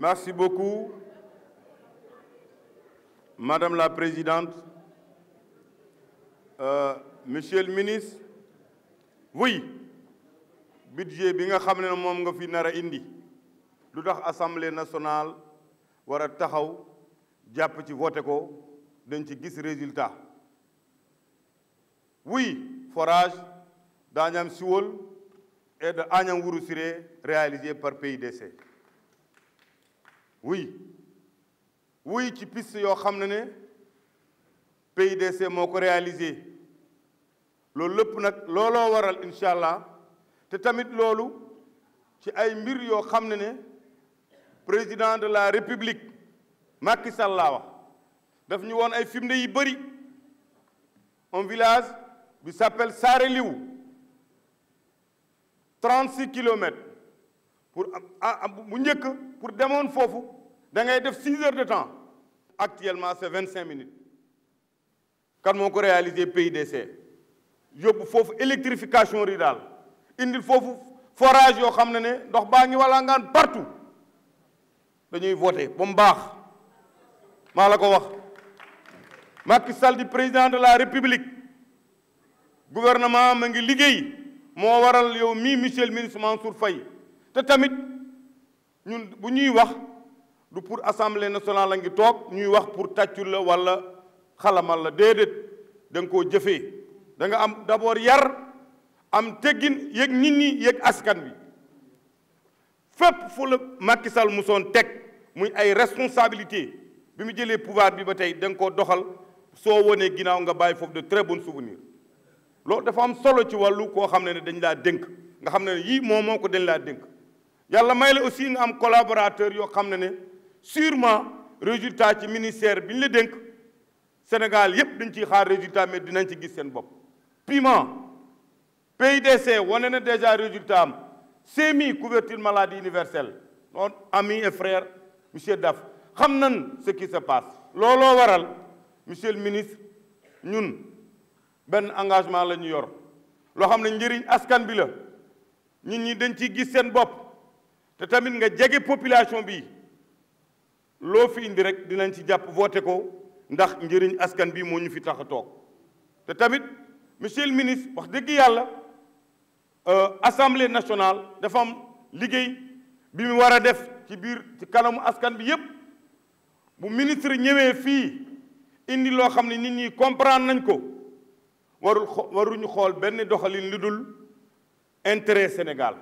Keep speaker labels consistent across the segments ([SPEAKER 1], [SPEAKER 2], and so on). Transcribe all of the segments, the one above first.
[SPEAKER 1] Merci beaucoup. Madame la Présidente, euh, Monsieur le Ministre, oui, budget bi nga xam ne indi l'Assemblée nationale war a taxaw jàpp ci voté ko dañ ci Oui, résultat oui forage d'Anjam Siwol et de Agnam Wurossiré réalisé par PIDC oui oui tu puisses y avoir ne pays des moo réalisé loolu lépp waral inshallah. Tu te tamit loolu ci ay mbir yoo président de la république Macky Sall laa wax daf ñu film ay firnde un village qui s'appelle Sareliou 36 km pour demander ah, pour y Fofu, 6 heures de temps actuellement c'est 25 minutes kan réaliser PIDC il faut électrification rurale il faut forage vous ne partout voter Bon, bon. Je président de la République gouvernement je ngi Je le ministre Mansour République. te tamit ñun bu ñuy wax du pour assemblée nationale la ngi toog ñuy wax pour tàccul la walla xalamal la déedéet danga koo jëfee danga am d'abord yar am teggin yëg nit ñi yëg askan bi fépp fu la Macky mu musoon teg muy ay responsabilité bi mu jëlee pouvoir bi ba tey danga koo doxal soo wonee ginnaaw nga bàyyi foofu de très bons souvenirs loolu dafa am solo ci wàllu koo xam ne ne dañ laa dënk nga xam ne yii moo moo ko dañ laa dénk Yalla may aussi nga am collaborateur yo xamné ne sûrement résultat ci ministère bi le denk Sénégal yépp dañ ci xaar résultat mais dinañ ci gis sen bop piment PIDC wane déjà résultat Semi couverture maladie universelle non ami et frère monsieur Daf xam nan ce qui se passe lolo waral monsieur le ministre ñun ben engagement lañu yor Lo xamné ne njëriñ askan bi la nit ñi dañ ci gis sen bop te tamit nga jege population bi loo fi indi rek dinañ ci jàpp voté ko ndax njëriñ askan bi moo ñu fi tax a toog te tamit monsieur ministre wax dëgg yàlla euh, assemblée nationale dafa am liggéey bi mu war a def ci biir ci kanamu askan bi yépp bu ministre ñëwee fii indi loo xam ne nit ñi comprendre nañ ko warul waruñu xool benn doxalin lu dul intérêt Sénégal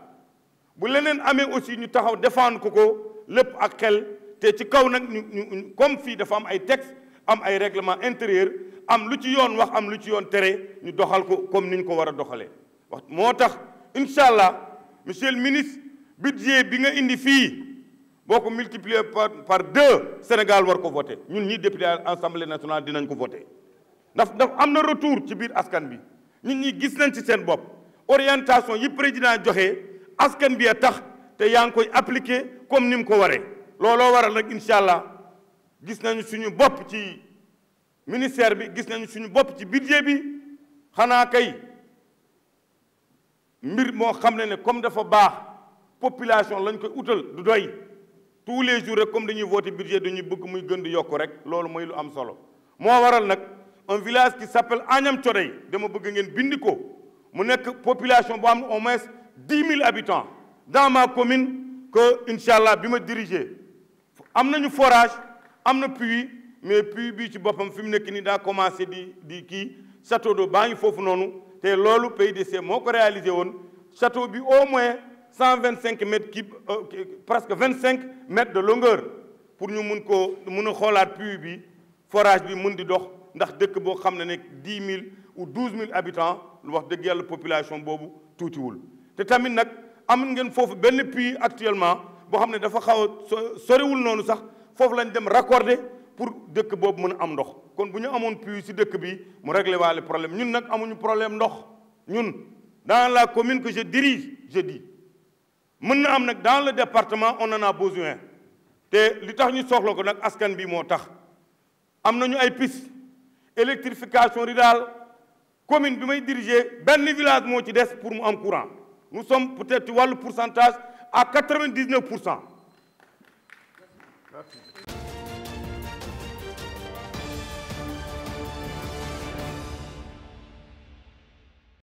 [SPEAKER 1] bu leneen amee aussi ñu taxaw défendre ko ko lépp ak xel te ci kaw nag ñu comme fii dafa am ay texte am ay règlement intérieur am lu ci yoon wax am lu ci yoon tere ñu doxal ko comme ni ñu ko war a doxalee wax monsieur le ministre budget bi nga indi fii boo multiplier par par deux Sénégal war ko voté ñun ñi député assemblée nationale dinañ ko voté ndax ndax am na retour ci biir askan bi nit ñi gis nañ ci orientation yi président joxe. askan bi a tax te yaa ngi koy appliqué comme ni mu ko waree looloo waral nag incha allah gis nañu suñu bopp ci ministère bi gis nañu suñu bopp ci budget bi xanaa kay mbir moo xam ne ne comme dafa baax population lañ koy utal du doy tous les jours rek comme dañuy voté budget dañuy bëgg muy gën di yokk rek loolu mooy lu am solo moo waral nag un village qui s'appelle Agnam Thioday dama bëgg ngeen bindi ko mu nekk population boo am au moins 10 000 habitants dans ma commune que, Inch'Allah, je me dirige. un forage, il puits, mais puis le puits, le a commencé à dire château de Bain, il faut que nous Et c'est le pays de ces réalisé. Le château a au moins 125 mètres, euh, presque 25 mètres de longueur pour nous le forage. nous avons forage 10 000 ou 12 000 habitants, nous avons la population toute est tout te tamit nak am ngeen fofu benn puits actuellement bo xam ne dafa xaw a soriwul nonu sax fofu lañ dem raccorder pour dëkk bobu mëna am ndox kon buñu amone puits si dëkk bi mu régler walé problème ñun nak amuñu problème ndox ñun dans la commune que je dirige je dis mëna am n'ak dans le département on en a besoin Té li tax ñu soxlo ko nak askan bi mo tax am ñu ay piste électrification rurale commune bi may diriger ben village mo ci dess pour mu am courant nous sommes peut-être, tu vois le pourcentage, à 99%.